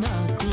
not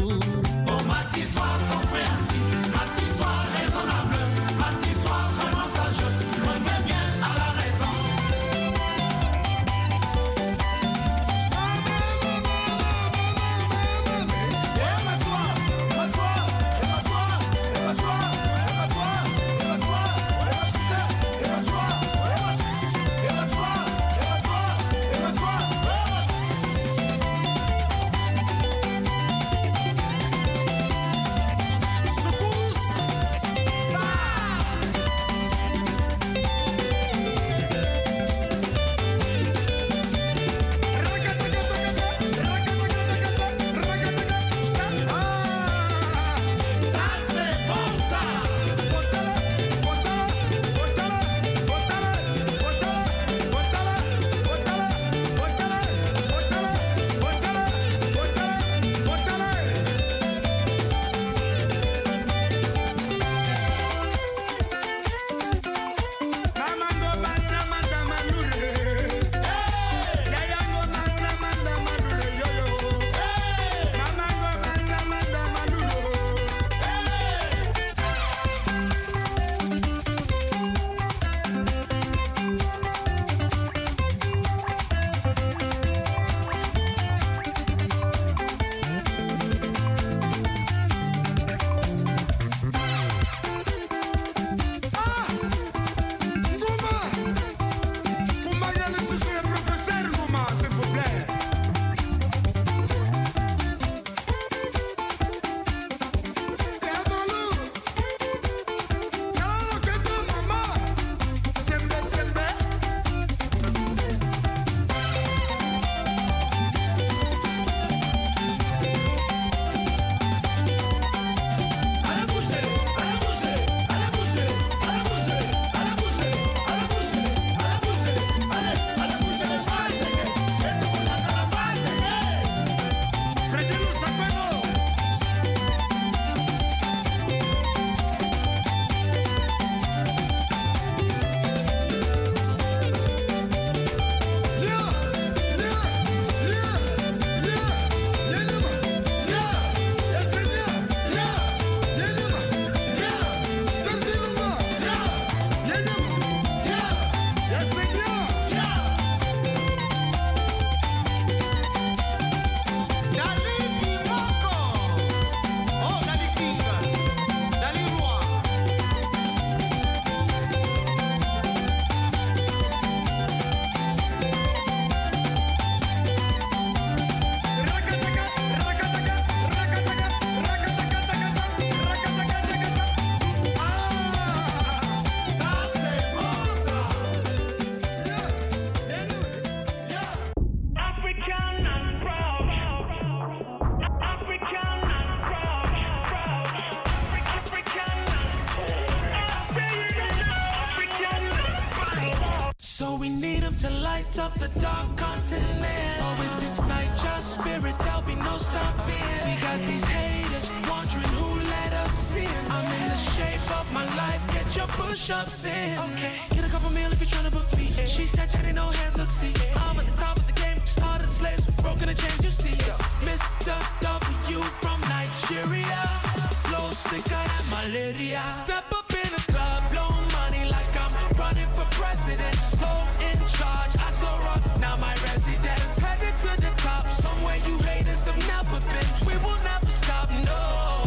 malaria. Step up in the club, blow money like I'm running for president. So in charge, I so rock, now my residence. Headed to the top, somewhere you haters have never been. We will never stop, no.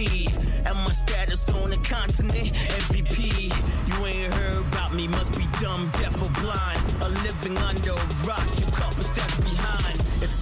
see. And my status on the continent, MVP. You ain't heard about me, must be dumb, deaf, or blind. Or living under a rock.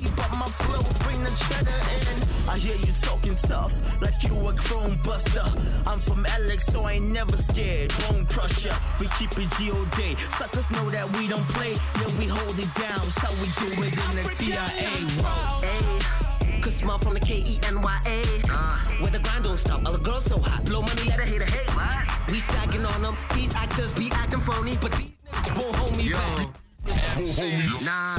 But my flow bring the cheddar in. I hear you talking tough, like you a chrome buster. I'm from Alex, so I ain't never scared. Bone crusher, we keep it G.O.D. Suckers know that we don't play, then we hold it down. So we do it in the CIA. Hey, cause small from the K-E-N-Y-A. Uh, where the grind don't stop, all the girls so hot. Blow money, let her hate a hate. What? We stacking on them, these actors be acting phony, but these niggas won't hold me Yo. back. Won't hold me. Nah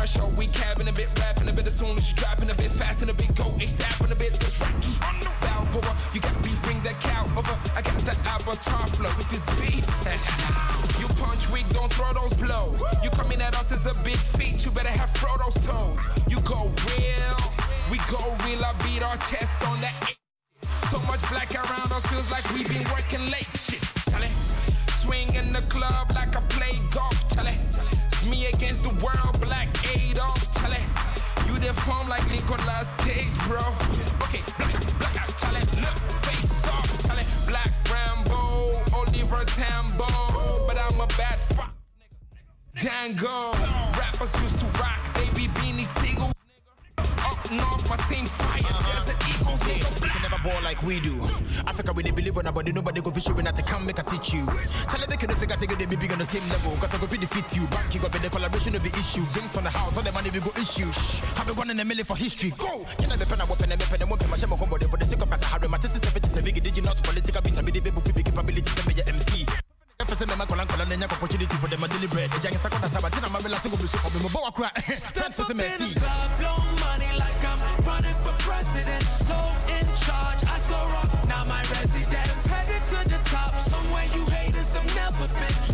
pressure. We cabbing a bit, rapping a bit as soon as you dropping a bit fast and a bit go ASAP and a bit just rocky. I'm no Balboa, you got beef, bring that cow over. I got that avatar flow with this beef. you punch weak, don't throw those blows. You coming at us as a big feat, you better have Frodo's toes. You go real, we go real. I beat our chests on that. So much black around us feels like we've been working late. Shit, tell it. Swing in the club like I play golf, tell it me against the world, black Adolf, chale. You deform like Nicolas Cage, bro. Okay, black, black out, chale. Look, face off, chale. Black Rambo, Oliver Tambo. But I'm a bad fuck, Django. Rappers used to rock, baby beanie single. Up north, my team fire. There's an like we do. Africa, we they believe on nobody, nobody go fishing when I can make a teach you. Charlie, they can't figure they be big on the same level. Cause I go fit defeat you. Bank you got the collaboration of the issue. Drinks on the house, all the money we go issue. Shh, have been one in a million for history. Go! Can I be pen a weapon and weapon and weapon? My shame on for the sake of Sahara. My sister's 77 did you not political beats? I be the baby with capabilities and major MC fese me makola nkola nenya opportunity for them a deliberate ejang sakonda sabatina mabela singo bisu for me money like I'm running for president so in charge I so rock now my residence headed to the top somewhere you haters have never been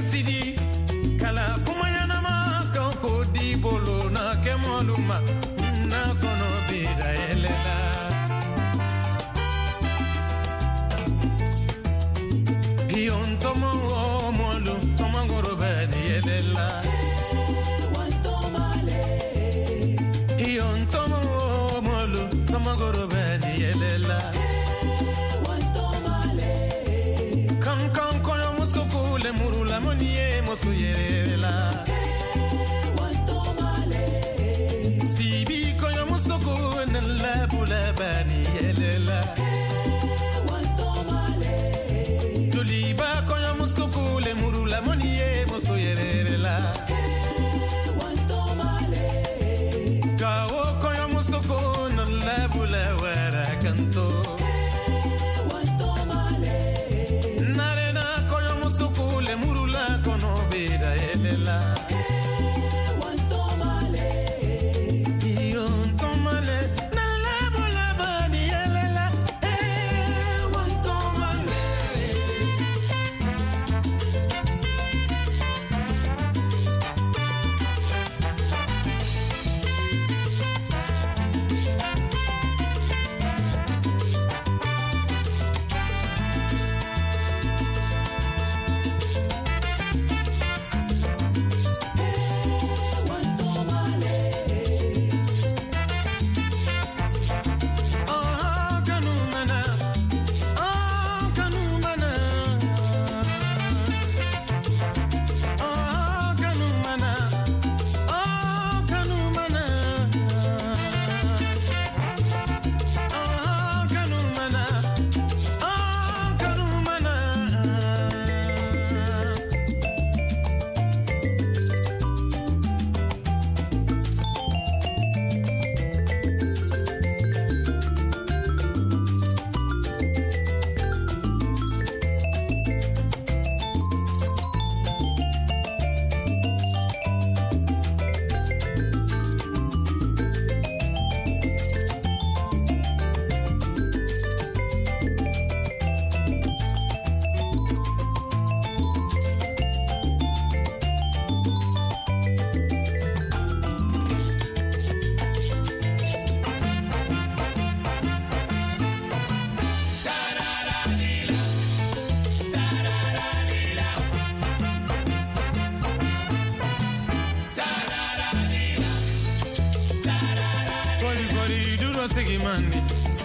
sidi kala kuma ɲanama kan ko di bolo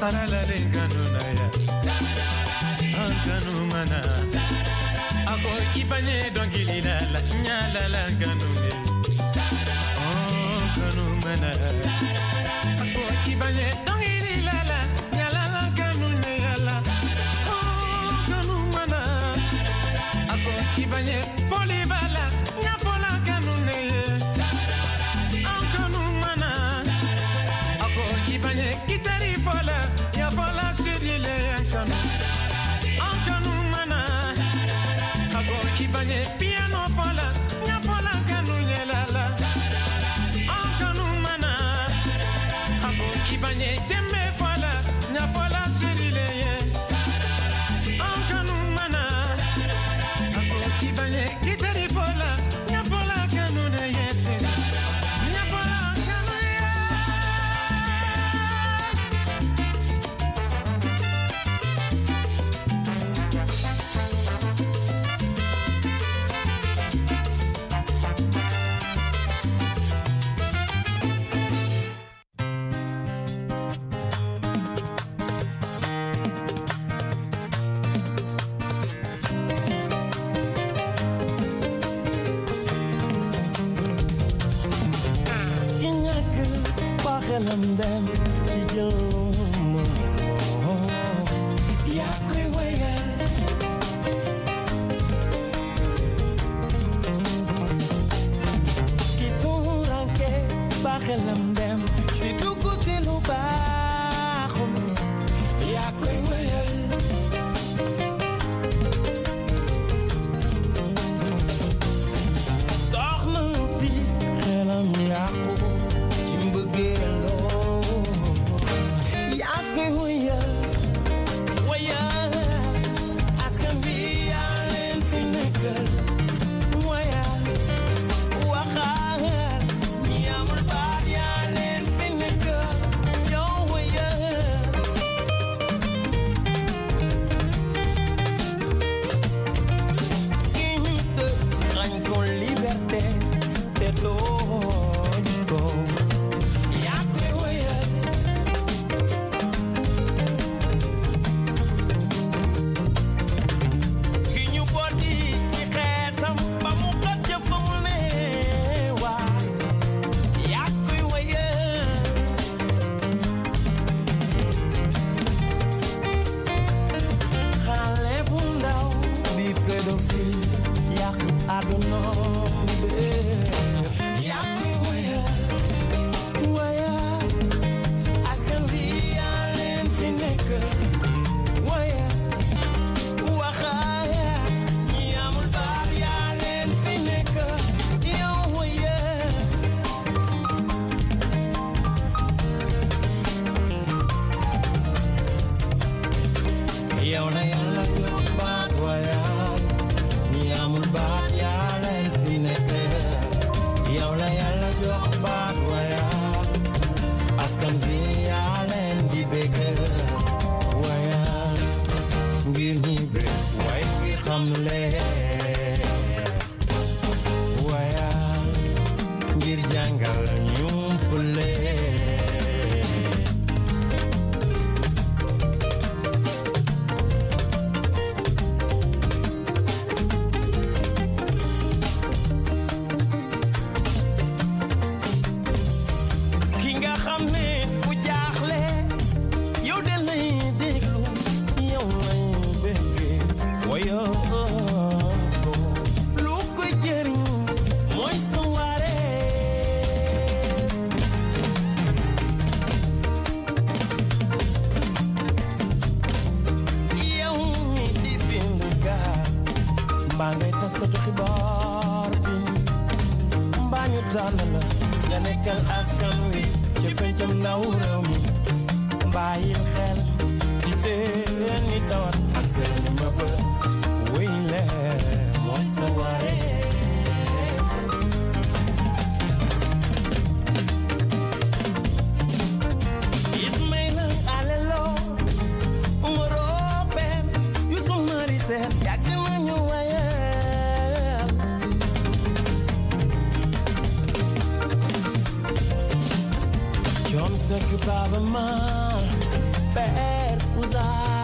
paralale ngano na ya ngano mana ako kipanye dongili la la nyala la me oh mana ako kipanye dongili on them here. que o problema per usar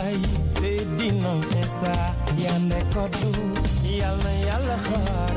Say Seydina esa yaa ne ko du yal na yàlla xaar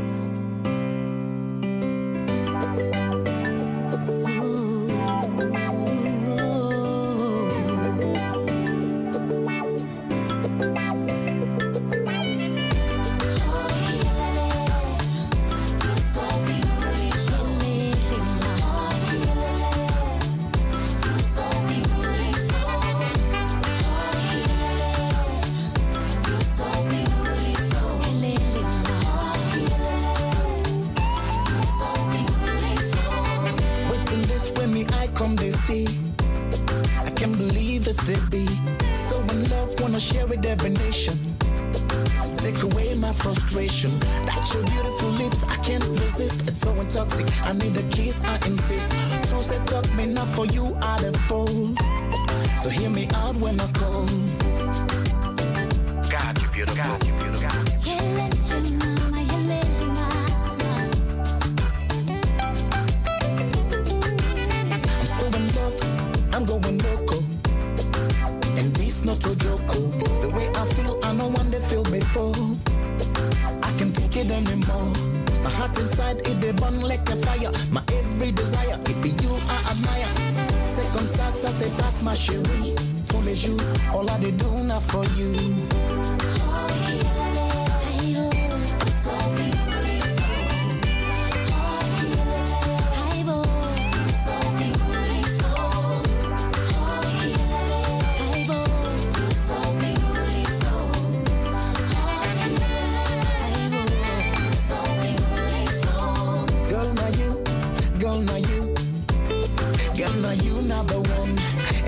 see. I can't believe this to be. So in love, wanna share with every nation. Take away my frustration. That your beautiful lips, I can't resist. It's so intoxicating. I need a kiss, I insist. True said, talk me not for you, I the fool. So hear me out when I call. God, you beautiful. God, you beautiful. C'est pas ma chérie Tous les jours, all I des do now for you oh,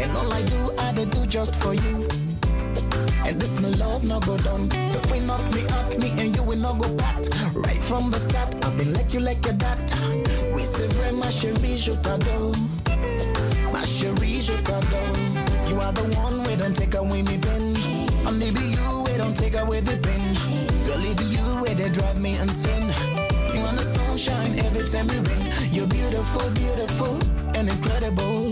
And all I do, I do just for you. And this my love no go down. The queen of me at me and you will not go back. Right from the start, I've been like you like a dat. We oui, c'est vrai you chérie, je t'adore. Ma chérie, je t'adore. You are the one we don't take away me pain. Only be you we don't take away the pain. Girl, it be you where they drive me insane. You want the sunshine every time you rain. You're beautiful, beautiful and incredible.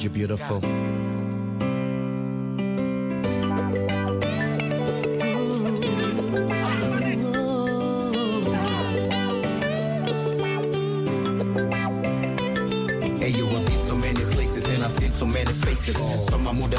you're beautiful.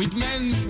with men's